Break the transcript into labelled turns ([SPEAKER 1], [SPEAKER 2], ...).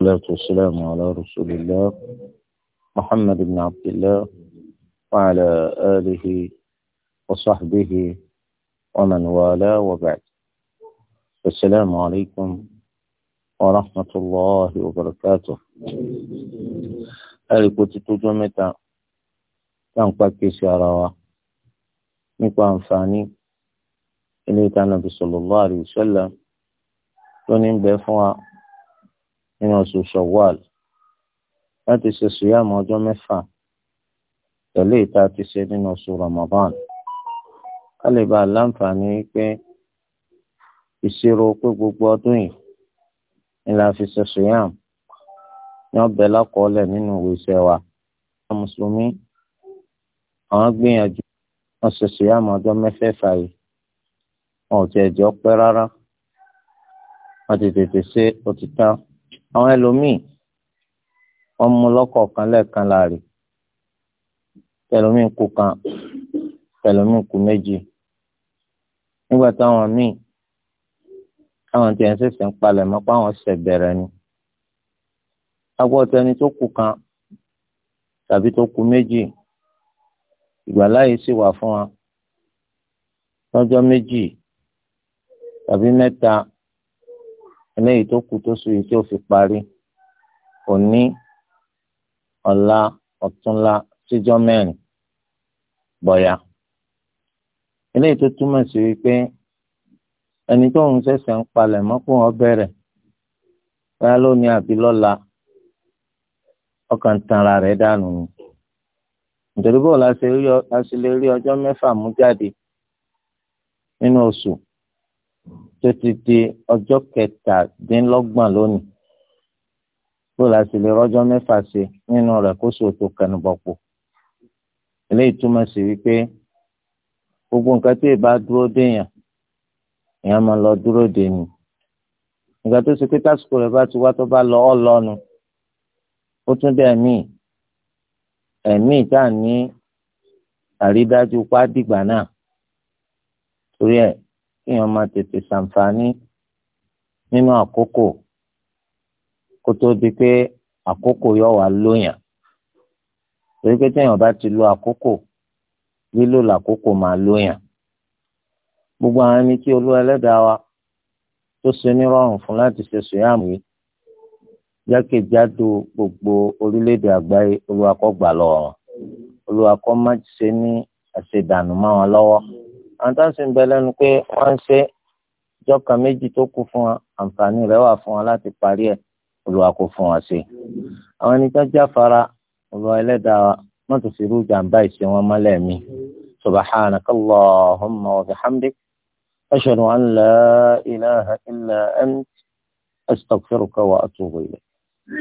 [SPEAKER 1] والسلام على رسول الله محمد بن عبد الله وعلى آله وصحبه ومن والاه وبعد السلام عليكم ورحمة الله وبركاته ألكو تتوجو كان قاكي سياروا نكو أنفاني إلي كان النبي صلى الله عليه وسلم تنين بفوا nínú oṣù Shawwal láti ṣe sùyàmù ọjọ́ mẹ́fà pẹ̀lú ìta ti ṣe nínú oṣù Ramadan ká lè bá a láǹfààní pé ìṣirò pé gbogbo ọdún yìí ni la fi ṣe sùyàmù ní ọbẹ̀ lákọọ́lẹ̀ nínú ìwé iṣẹ́ wa àwọn mùsùlùmí àwọn gbìyànjú wọn ṣe sùyàmù ọjọ́ mẹ́fẹ̀ẹ̀fà yìí wọn ò tiẹ̀ jọ pẹ́ rárá wọn ti tètè ṣe ó àwọn ẹlòmíì wọ́n mú lọ́kọ̀ọ̀kan lẹ́ẹ̀kan láàrin tẹlómi kú kan tẹlómi kú méjì nígbà táwọn míì táwọn tiẹ̀ ń ṣẹ̀ṣẹ̀ ń palẹ̀ mọ́ pé àwọn ṣẹ̀ bẹ̀rẹ̀ ni agbọ́tẹni tó kú kan tàbí tó kú méjì ìgbàláyè sì wà fún wa lọ́jọ́ méjì tàbí mẹ́ta eléyìí tó kù tó sùn yìí tí ó fi parí òní ọ̀la ọ̀túnla síjọ́ mẹ́rin bọ̀yà eléyìí tó túmọ̀ sí wípé ẹni tó ń ṣẹ̀ṣẹ̀ ń palẹ̀ mọ́kùn ọ́ bẹ̀rẹ̀ báyà lónìí àbí lọ́la ọkàn tanra rẹ̀ dànù ni nítorí bó la ṣe lè rí ọjọ́ mẹ́fà mú jáde nínú oṣù. No tó ti di ọjọ́ kẹtàdínlọ́gbọ̀n lónìí tó la sì lè rọ́jọ́ mẹ́fà sí nínú rẹ̀ kó sì tó kẹnubọ̀pọ̀ eléyìí túmọ̀ sí wípé gbogbo nǹkan tí ìbá dúró déèyàn èèyàn lọ dúró dè ní tó ṣe pé tásìkò rẹ̀ bá lọ ọ́ lọ́nu ó tún ẹ̀mí ìta ní àrídájú pàdìgbà náà torí ẹ̀ kí èèyàn máa tètè ṣàǹfààní nínú àkókò kó tó di pé àkókò yóò wá lóyàn torí pé téèyàn bá ti lo àkókò lílò làkókò máa lóyàn gbogbo àwọn ẹni tí olú ẹlẹ́dàá wa tó ṣe ní rọrùn fún láti ṣe sùyàmù yìí jákèjádò gbogbo orílẹ̀-èdè àgbáyé olúwa kó gbà lọ́wọ́ olúwa kó má ṣe ní àṣedànù mọ́ wọn lọ́wọ́ àwọn tá à ń sìn bẹ lẹ́nu pé wọ́n ń ṣe jọ́ka méjì tó kù fún wa àǹfààní rẹ̀ wà fún wa láti parí ẹ̀ olùwà kò fún wa ṣe. àwọn ẹni tó jáfara olùwà ẹlẹ́dàá wọn tó fi rú jàǹbá ìṣe wọn mọ́lẹ̀ mi. subhanaka allahumma wa bihamdik ashhadu an la ilaha illa ant astaghfiruka wa atubu ilayk.